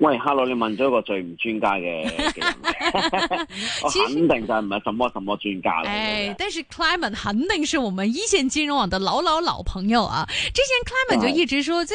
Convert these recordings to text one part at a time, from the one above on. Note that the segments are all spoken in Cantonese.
喂，哈 o 你問咗個最唔專家嘅， 我肯定就唔係什麼什麼專家嚟嘅 哎。但是 c l i m e n t 肯定係我們一線金融網的老老老朋友啊！之前 c l i m e n t 就一直說即。」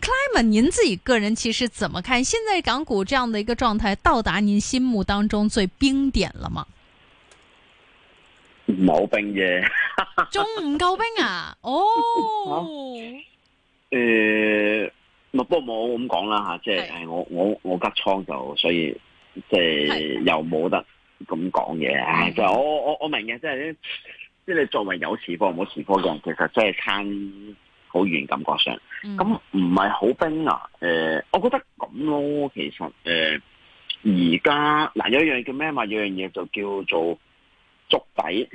Clement 您自己個人其實怎麼看現在港股這樣的一個狀態，到達您心目當中最冰點了嗎？冇冰嘅，仲唔夠冰啊？哦，誒、哦，唔、呃、不過冇咁講啦吓，即係的我我我急倉就，所以即係又冇得咁講嘢。 就我我我明嘅，即係即係你作為有持波，冇持波嘅人，好其實真係好遠感覺上，咁唔係好冰冷、啊呃。我覺得咁咯，其實誒，而家嗱有一樣嘢叫咩嘛？有一樣嘢就叫做築底，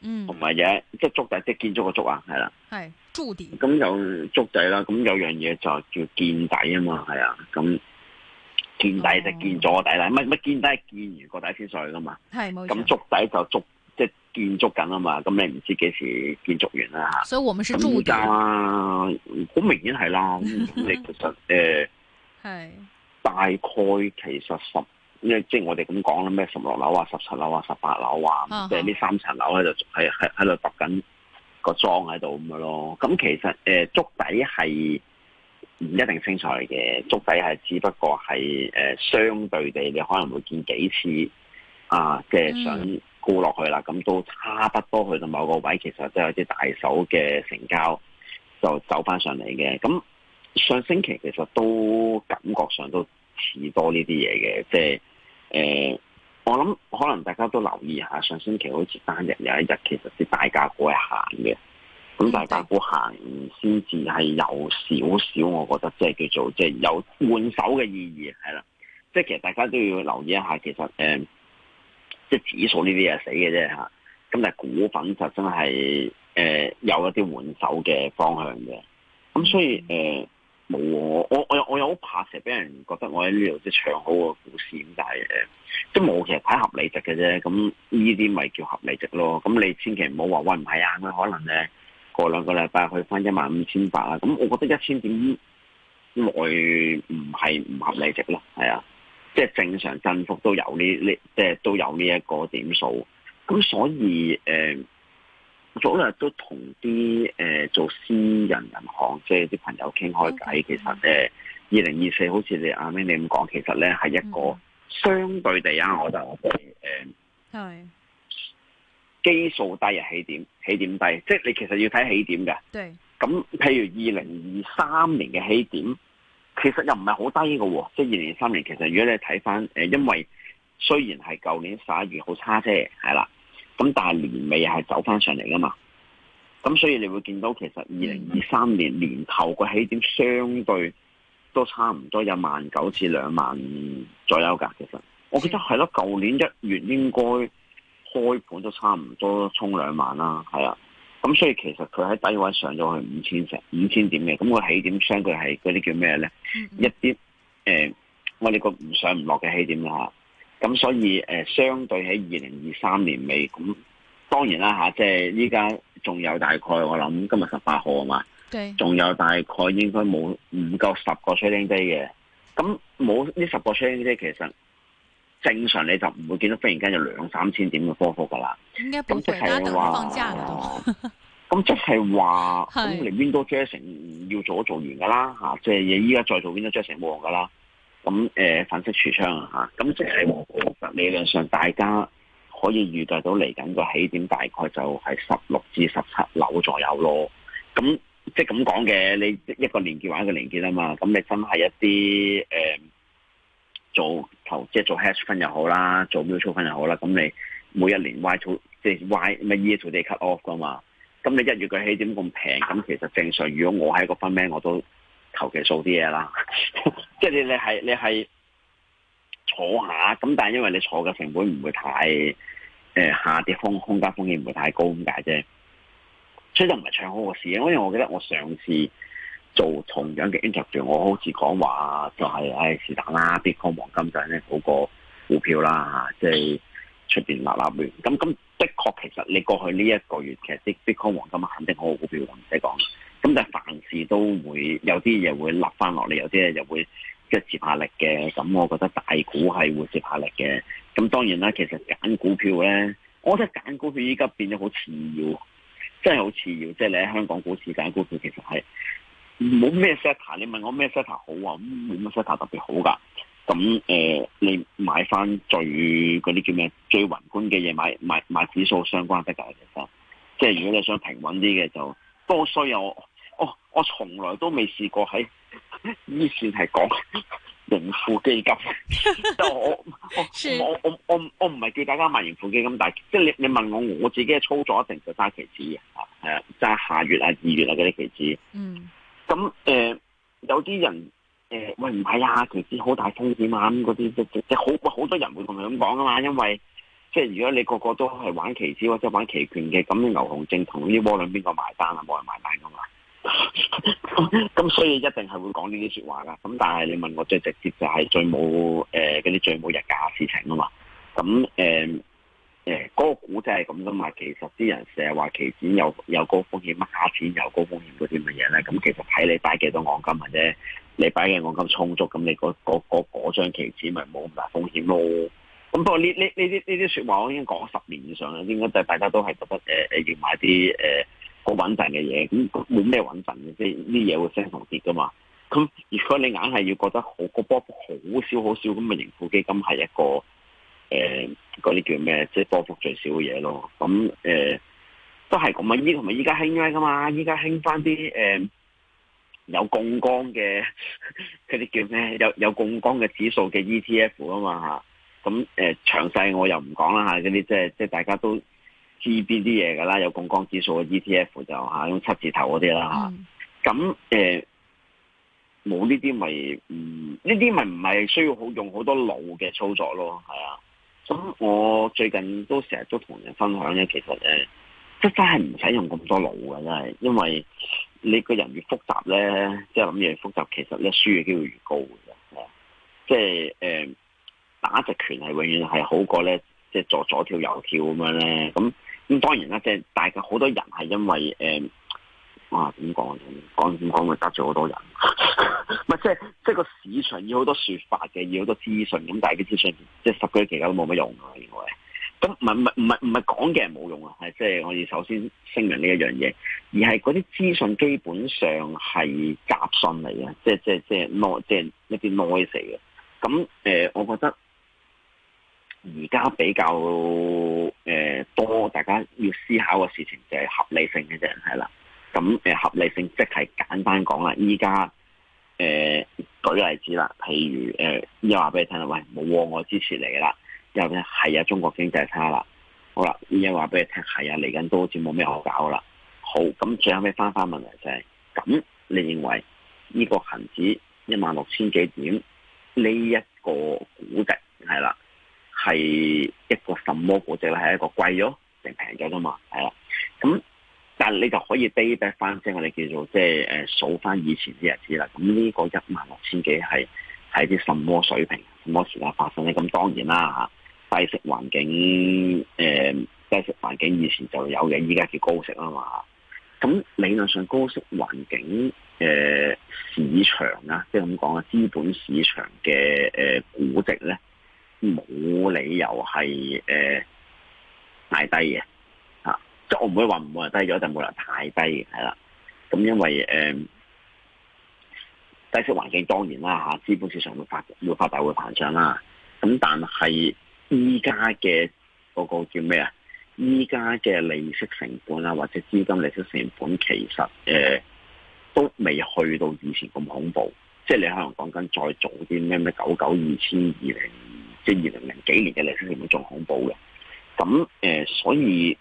嗯，同埋嘢即係築底即係建築個築啊，係啦，係築底。咁有築底啦，咁有樣嘢就叫見底啊嘛，係啊，咁見底就見咗個底啦。乜乜見底係見完個底先上去噶嘛？係冇。咁築底就築。建築緊啊嘛，咁你唔知幾時建築完啦嚇。所以我們是注意。咁而家好明顯係啦，你 其實誒係、呃、 大概其實十，即係即係我哋咁講啦，咩十六樓啊、十七樓啊、十八樓啊，即係呢三層樓咧就係係喺度揼緊個樁喺度咁嘅咯。咁、嗯、其實誒築底係唔一定清楚嘅，築底係只不過係誒、呃、相對地，你可能會見幾次啊，即係想。嗯跌落去啦，咁都差不多去到某個位，其實即係有啲大手嘅成交就走翻上嚟嘅。咁上星期其實都感覺上都似多呢啲嘢嘅，即係誒，我諗可能大家都留意下上星期好似單日有一日其實啲大價股係行嘅，咁大價股行先至係有少少，我覺得即係叫做即係有換手嘅意義，係啦，即係其實大家都要留意一下，其實誒。呃即係指數呢啲嘢死嘅啫嚇，咁但係股份就真係誒、呃、有一啲換手嘅方向嘅，咁所以誒冇、呃、我我我我又好怕成日俾人覺得我喺呢度即係唱好個股市咁但係，即係冇其實睇合理值嘅啫，咁呢啲咪叫合理值咯，咁你千祈唔好話喂，唔係啊，佢可能誒過兩個禮拜去翻一萬五千八啊，咁我覺得一千點內唔係唔合理值咯，係啊。即係正常振幅都有呢，呢即係都有呢一個點數。咁所以誒、呃，早兩日都同啲誒做私人銀行即係啲朋友傾開偈。其實誒，二零二四好似你阿 May 你咁講，其實咧係一個相對地啊，mm. 我覺得我哋誒係基數低嘅起點，起點低。即係你其實要睇起點嘅。對。咁譬如二零二三年嘅起點。其實又唔係好低嘅喎，即係二零二三年。其實如果你睇翻，誒，因為雖然係舊年十一月好差啫，係啦，咁但係年尾係走翻上嚟噶嘛。咁所以你會見到其實二零二三年年頭個起點相對都差唔多有萬九至兩萬左右噶。其實我記得係咯，舊年一月應該開盤都差唔多衝兩萬啦，係啦。咁所以其實佢喺低位上咗去五千成五千點嘅，咁個起點相對係嗰啲叫咩咧？Mm hmm. 一啲誒、呃，我哋個唔上唔落嘅起點啦咁、啊、所以、呃、相對喺二零二三年尾，咁當然啦嚇、啊，即係依家仲有大概我諗今日十八號啊嘛，仲 Right. 有大概應該冇唔夠十個 trading day 嘅，咁冇呢十個 trading day 其實。正常你就唔會見到忽然間有兩三千點嘅波幅㗎啦。咁即係話，咁即係話，咁你 Window dressing 要做都做完㗎啦嚇，即係依家再做 Window dressing 冇用㗎啦。咁誒粉飾櫥窗啊嚇，咁即係我覺得理論上大家可以預計到嚟緊個起點大概就係十六至十七樓左右咯。咁即係咁講嘅，你一個年結或一個連結啊嘛。咁你真係一啲誒。呃做投即係做 hedge fund，又好啦，做 mutual fund 又好啦，咁你每一年 y to 即係 y 咩 year to date cut off 噶嘛？咁你一月嘅起點咁平，咁其實正常，如果我喺個分咩，我都求其做啲嘢啦。即 係你你係你係坐下，咁但係因為你坐嘅成本唔會太誒、呃、下跌風，空間風險唔會太高咁解啫。所以就唔係唱好個市，因為我記得我上次。做同樣嘅 interview 我好似講話就係誒是但啦，bitcoin 黃金就係咧好個股票啦，即係出邊立立亂。咁咁的確其實你過去呢一個月其實 bitcoin 黃金肯定好個股票，唔使講。咁但係凡事都會有啲嘢會立翻落嚟，有啲嘢就會即係接下力嘅。咁我覺得大股係會接下力嘅。咁當然啦，其實揀股票咧，我覺得揀股票依家變咗好次要，真係好次要。即係你喺香港股市揀股票，其實係。冇咩 set 你問我咩 set 好啊？冇乜 set 特別好㗎。咁誒、呃，你買翻最嗰啲叫咩？最宏觀嘅嘢買買買指數相關得㗎，其實。即係如果你想平穩啲嘅，就多衰啊！我我我從來都未試過喺呢邊係講盈富基金。即 我我我我我唔係叫大家買盈富基金，但係即係你你問我我自己嘅操作一定就揸期指啊，係啊，揸下月啊、二月啊嗰啲期指。嗯。咁誒、呃、有啲人誒、呃、喂唔係啊，期指好大風險啊。咁嗰啲即即好好多人會同佢咁講㗎嘛，因為即係如果你個個都係玩期指或者玩期權嘅，咁牛熊證同呢窩輪兩邊個埋單啊，冇人埋單㗎嘛，咁 所以一定係會講呢啲説話㗎。咁但係你問我最直接就係最冇誒嗰啲最冇人格嘅事情啊嘛，咁誒。呃誒，嗰、欸嗰個估值係咁噶嘛？其實啲人成日話期指有又高風險，孖錢有高風險嗰啲乜嘢咧？咁其實睇你擺幾多按金或者你擺嘅按金充足，咁你嗰嗰張期指咪冇咁大風險咯。咁不過呢呢呢啲呢啲說話我已經講咗十年以上啦，應該就係大家都係覺得誒誒要買啲誒好穩陣嘅嘢。咁冇咩穩陣嘅，即係啲嘢會升同跌噶嘛。咁如果你硬係要覺得好個波好少好少，咁咪盈富基金係一個。誒，嗰啲、呃、叫咩？即係波幅最少嘅嘢咯。咁誒、呃，都係咁啊！依同埋依家興咩噶嘛？依家興翻啲誒有槓桿嘅嗰啲叫咩？呵呵，有有槓桿嘅指數嘅 ETF 啊嘛吓。咁誒，詳、呃、細我又唔講啦吓。嗰啲即係即係大家都知邊啲嘢噶啦。有槓桿指數嘅 ETF 就吓，咁七字頭嗰啲啦吓。咁誒，冇呢啲咪嗯？呢啲咪唔係需要好用好多腦嘅操作咯。係啊。咁我最近都成日都同人分享咧，其實咧即真係唔使用咁多腦嘅，真係，因為你個人越複雜咧，即係諗嘢越複雜，其實咧輸嘅機會越高嘅，係即係誒打直拳係永遠係好過咧，即係左左跳右跳咁樣咧，咁咁當然啦，即係大家好多人係因為誒。呃啊，點講啊？講，點講咪得罪好多人，唔係即係即係個市場要好多説法嘅，要好多資訊。咁但係啲資訊即係、就是、十幾期間都冇乜用嘅，應該。咁唔係唔係唔係唔係講嘅人冇用啊？係即係我哋首先聲明呢一樣嘢，而係嗰啲資訊基本上係雜訊嚟嘅，即係即係即係 no 即係一啲 noise 嚟嘅。咁誒、呃，我覺得而家比較誒、呃、多大家要思考嘅事情就係合理性嘅啫，係啦。咁合理性即係簡單講啦，依家誒舉例子啦，譬如依家話俾你聽啦，喂冇我支持你啦，又咧係啊中國經濟差啦，好啦，依家話俾你聽係啊嚟緊多錢冇咩可搞啦，好，咁最後尾翻翻問題就係，咁你認為呢個恆指一萬六千幾點呢一個估值係啦，係，啊，一個什麼估值咧？係一個貴咗定平咗噶嘛？係啦，啊，咁。你就可以 day back 翻，即係我哋叫做即係誒數翻以前啲日子啦。咁呢個一萬六千幾係喺啲什麼水平？什麼時間發生咧？咁當然啦低息環境誒、呃，低息環境以前就有嘅，依家叫高息啊嘛。咁理論上高息環境誒、呃、市場啦，即係咁講啊，資本市場嘅誒、呃、估值咧冇理由係誒太低嘅。就我唔會話唔會話低咗，但係冇人太低嘅，係啦。咁因為誒、呃、低息環境當然啦嚇，資本市場會發會發大會膨脹啦。咁但係依家嘅嗰個叫咩啊？依家嘅利息成本啊，或者資金利息成本其實誒、呃、都未去到以前咁恐怖。即係你可能講緊再早啲咩咩九九二千二零，什麼 2, 2020，即係二零零幾年嘅利息成本仲恐怖嘅。咁誒、呃、所以。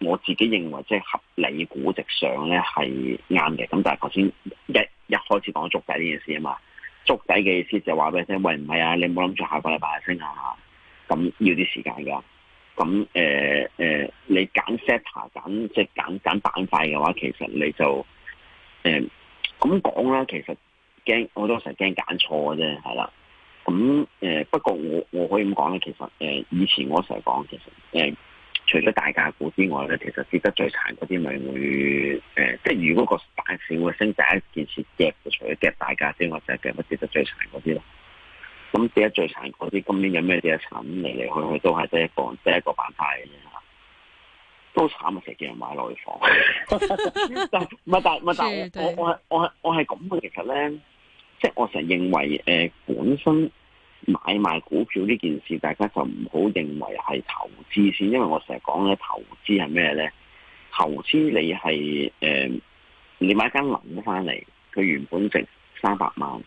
我自己認為即係合理估值上咧係啱嘅。咁但係頭先一一開始講築底呢件事啊嘛，築底嘅意思就話俾你聽，喂唔係啊，你唔好諗住下個禮拜升下。」咁要啲時間噶，咁誒誒，你揀 sector 啊，揀即係揀揀板塊嘅話，其實你就誒咁講啦，其實驚，我都成日驚揀錯嘅啫，係啦，咁誒、呃、不過我我可以咁講咧，其實誒、呃、以前我成日講，其實誒。呃除咗大價股之外咧，其實跌得最慘嗰啲咪會誒，即係如果個大市會升，第一件事夾嘅，就除咗夾大價先，或者夾得跌得最慘嗰啲咯。咁跌得最慘嗰啲，今年有咩跌得慘？嚟嚟去去都係得一個，得一個板塊嘅啫嚇。都慘啊！成日見人買落去房，但係唔係？但係唔係？但係 我係我係我係我係咁嘅。其實咧，即係我成日認為誒、呃，本身。買賣股票呢件事，大家就唔好認為係投資先，因為我成日講咧，投資係咩咧？投資你係誒、呃，你買間樓翻嚟，佢原本值三百萬，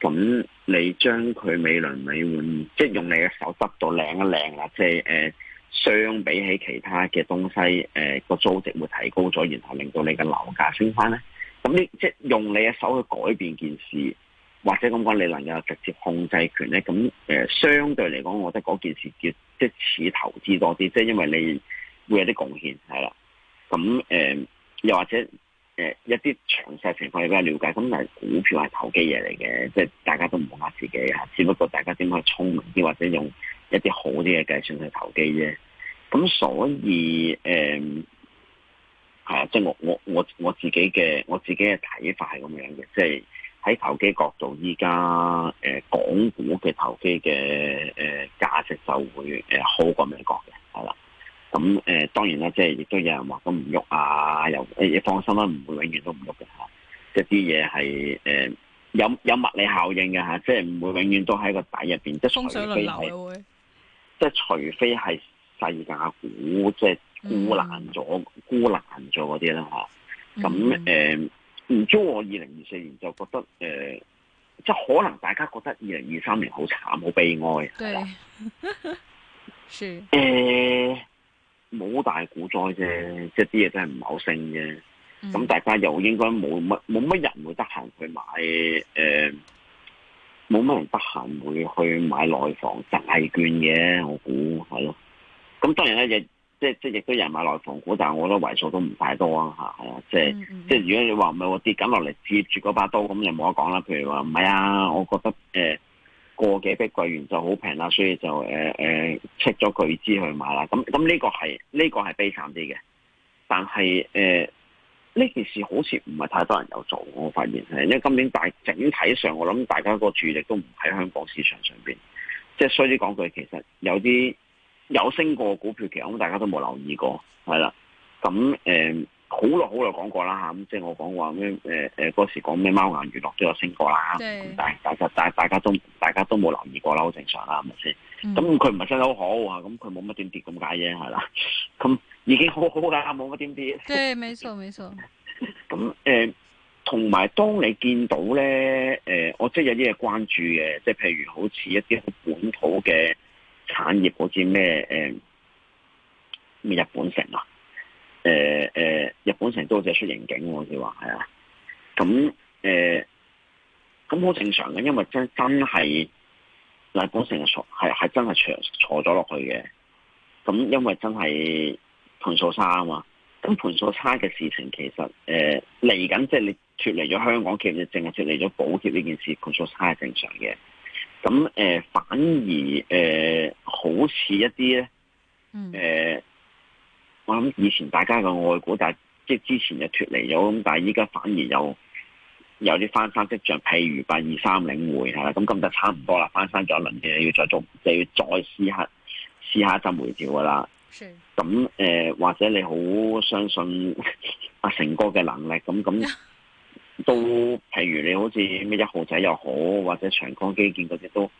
咁你將佢美輪美奐，即係用你嘅手執到靚一靚啦，即係誒、呃、相比起其他嘅東西，誒、呃、個租值會提高咗，然後令到你嘅樓價升翻咧，咁你即係用你嘅手去改變件事。或者咁講，你能夠直接控制權咧，咁、呃、相對嚟講，我覺得嗰件事叫即係似投資多啲，即、就是、因為你會有啲貢獻係啦。咁誒、呃、又或者誒、呃、一啲詳細情況你比較了解。咁係股票係投機嘢嚟嘅，即、就是、大家都唔好話自己啊，只不過大家點可以聰明啲，或者用一啲好啲嘅計算去投機啫。咁所以誒係啊，即、呃、我我我我自己嘅我自己嘅睇法係咁樣嘅，即、就是喺投機角度，依家誒，港股嘅投機嘅誒、呃、價值就會誒好過美國嘅，係啦。咁、嗯、誒、呃，當然啦，即係亦都有人話都唔喐啊，又誒，放心啦，唔會永遠都唔喐嘅吓。一啲嘢係誒有有物理效應嘅吓、啊，即係唔會永遠都喺個底入邊。啊、即係除非係，會即係除非係細價股，即係孤難咗、嗯、孤難咗嗰啲啦吓。咁、啊、誒。嗯嗯唔知我二零二四年就覺得，即、呃、可能大家覺得二零二三年好慘，好悲哀，係嘛對？ 是冇、呃、大股災啫，即係啲嘢真係唔好升嘅。咁、嗯、大家又應該冇乜冇乜人會得閒去買誒，冇、呃、乜人得閒會去買內房債券嘅。我估係咯。咁當然咧，亦。即即亦都有人買落內房股，但係我覺得為數都唔太多啊嚇，係啊，即係即係如果你話唔係我跌緊落嚟接住嗰把刀咁又冇得講啦。譬如話唔係啊，我覺得誒、呃、過幾碧桂園就好平啦，所以就誒誒出咗巨資去買啦。咁咁呢個係呢、呢個係悲慘啲嘅，但係誒呢件事好似唔係太多人有做，我發現係，因為今年大整體上我諗大家個注意力都唔喺香港市場上邊，即係所以講句其實有啲。有升過股票，其實咁大家都冇留意過，係啦。咁誒，好耐好耐講過啦嚇，咁即係我講話咩誒誒嗰時講咩貓眼娛樂都有升過啦對，但係大家大大家都大家都冇留意過啦，好正常啦，係咪先？咁佢唔係真係好好啊，咁佢冇乜點跌咁解嘅係啦。咁 已經好好啦，冇乜點跌。即對，冇錯，冇錯。咁誒， 同、呃、埋當你見到咧誒、呃，我即係有啲嘢關注嘅，即係譬如好似一啲本土嘅。產業好似咩誒咩日本城啊，誒、欸、誒日本城都好似出盈警好似話係啊，咁誒咁好正常嘅，因為真真係日本城係係真係長坐咗落去嘅，咁因為真係盤數差啊嘛，咁盤數差嘅事情其實誒嚟緊即係你脱離咗香港，其實你淨係脱離咗補貼呢件事，盤數差係正常嘅。咁、呃、反而誒、呃，好似一啲咧，誒、嗯呃，我諗以前大家嘅外股，但即之前就脱離咗，咁但係依家反而又有啲翻山跡象，譬如八二三領匯嚇，咁咁就差唔多啦，翻山咗一輪嘅，你要再做，就要再試下試下一陣回調噶啦。咁誒是、呃，或者你好相信阿、啊、成哥嘅能力，咁咁。 都譬如你好似咩一號仔又好，或者長江基建嗰啲都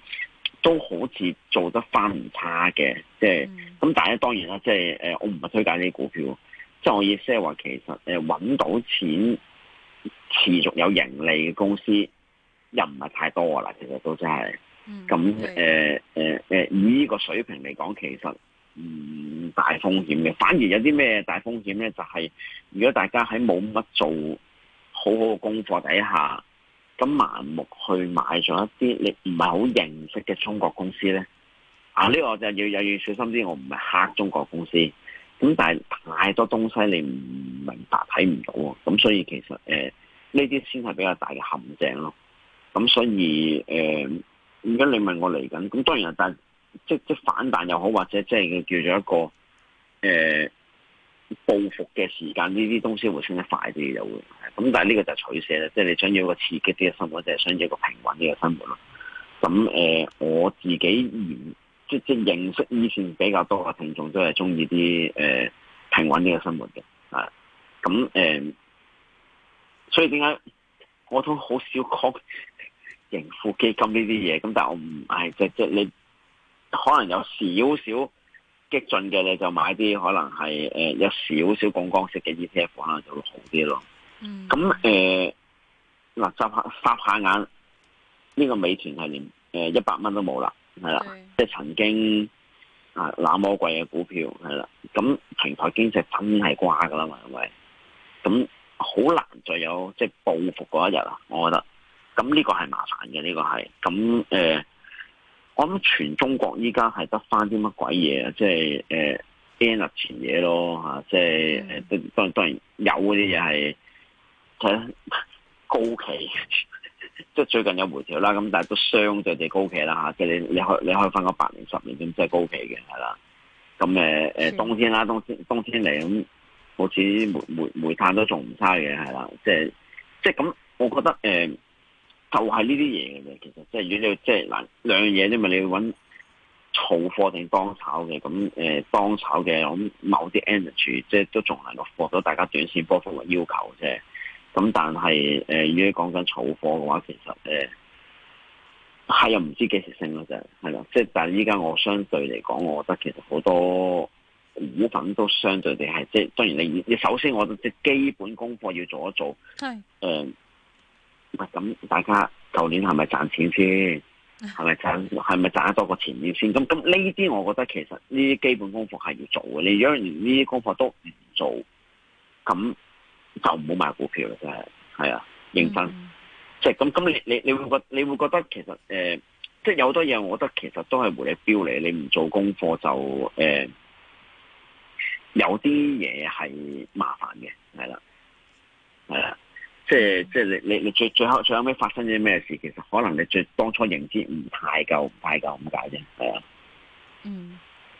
都好似做得翻唔差嘅，即係咁。嗯、但係當然啦，即係誒，我唔係推介呢啲股票，即係我意思係話其實誒揾到錢持續有盈利嘅公司又唔係太多啦，其實都真係咁誒誒以呢個水平嚟講，其實唔大風險嘅。反而有啲咩大風險咧？就係如果大家喺冇乜做。好好嘅功課底下，咁盲目去買咗一啲你唔係好認識嘅中國公司咧，啊呢、呢個我就要又要小心啲，我唔係黑中國公司，咁但係太多東西你唔明白睇唔到喎，咁所以其實誒呢啲先係比較大嘅陷阱咯，咁所以誒而家你問我嚟緊，咁當然啊，但即即反彈又好，或者即係叫做一個誒。呃報復嘅時間呢啲東西會升得快啲，就會咁。但係呢個就取捨咧，即係你想要一個刺激啲嘅生活，就係、是、想要一個平穩啲嘅生活咯。咁誒、呃，我自己認即即認識以前比較多嘅聽眾，都係中意啲誒平穩啲嘅生活嘅啊。咁誒、呃，所以點解我都好少講盈富基金呢啲嘢？咁但係我唔係即即你可能有少少。激進嘅你就買啲可能係誒、呃、一少少槓桿式嘅 ETF，可能就會好啲咯。嗯，咁誒嗱，呃、眨下眨眨下眼，呢、這個美團係連誒一百蚊都冇啦，係啦，是的即係曾經啊、呃、那麼貴嘅股票係啦，咁平台經濟真係瓜噶啦嘛，係咪？咁好難再有即係、就是、報復嗰一日啊！我覺得，咁呢個係麻煩嘅，呢、這個係咁誒。那呃我諗全中國依家係得翻啲乜鬼嘢啊！即係誒 d n 前嘢咯，即係誒，當然當然有嗰啲嘢係睇高企，即係最近有回調啦，咁但係都相對地高企啦即係、就是、你你可你可以分個八年十年咁，即、就、係、是、高企嘅係啦。咁誒、呃、是的 冬天啦，冬天冬天嚟咁，好似煤煤煤炭都仲唔差嘅係啦，即係即係咁，就是就是、我覺得誒。呃就係呢啲嘢嘅啫，其實即、就、係、是、如果你即係嗱兩樣嘢因嘛，你，你要揾儲貨定當炒嘅，咁、嗯、誒當炒嘅，咁我諗某啲 energy，即、就、係、是、都仲係落貨咗，大家短線波幅嘅要求啫。咁但係誒、呃，如果你講緊儲貨嘅話，其實誒係、呃、又唔知幾時升咯，就係、是、啦。即係但係依家我相對嚟講，我覺得其實好多股份都相對地係，即、就、係、是、當然你你首先我哋即係基本功課要做一做，係誒是。呃咁，大家舊年係咪賺錢先？係咪賺？係咪賺得多過前年先？咁咁呢啲，我覺得其實呢啲基本功課係要做嘅。你如果連呢啲功課都唔做，咁就唔好買股票啦。真係係啊，認真。即係咁，咁你你你會覺你會覺得其實誒，即係有好多嘢，我覺得其實都係無厘標嚟。你唔做功課就誒、呃，有啲嘢係麻煩嘅，係啦，係啦。即係即係你你你最最後最後尾發生啲咩事？其實可能你最當初認知唔太夠，唔太夠咁解啫，係啊。嗯。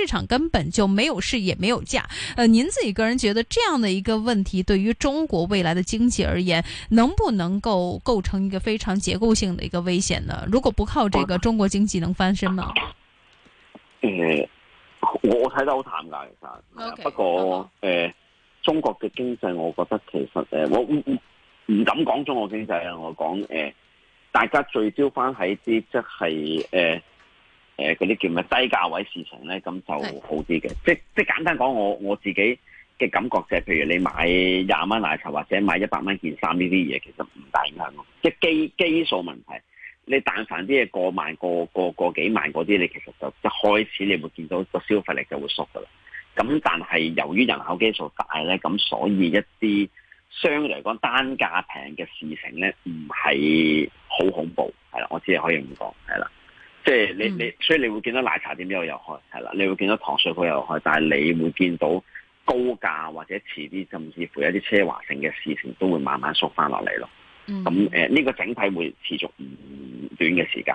市場根本就沒有市，也沒有價。呃，您自己個人覺得這樣的一個問題，對於中國未來的經濟而言，能不能夠構成一個非常結構性的一個危險呢？如果不靠這個，中國經濟能翻身嗎？嗯、啊呃，我睇得好淡噶，其實。Okay, 不過，誒 okay.、呃，中國嘅經濟，我覺得其實，誒、呃，我唔唔敢講中國經濟啊，我講誒、呃，大家聚焦翻喺啲即係誒。呃誒嗰啲叫咩低價位市場咧，咁就好啲嘅。即即簡單講，我我自己嘅感覺就係，譬如你買廿蚊奶茶或者買一百蚊件衫呢啲嘢，其實唔大影響咯。即基基數問題，你但凡啲嘢過萬、過過過幾萬嗰啲，你其實就一開始你會見到個消費力就會縮噶啦。咁但係由於人口基數大咧，咁所以一啲相對嚟講單價平嘅事情咧，唔係好恐怖。係啦，我只係可以咁講，係啦。即係你你，嗯、所以你會見到奶茶店又有開，係啦，你會見到糖水鋪有開，但係你會見到高價或者遲啲，甚至乎一啲奢華性嘅事情，都會慢慢縮翻落嚟咯。咁誒、嗯，呢個整體會持續唔短嘅時間。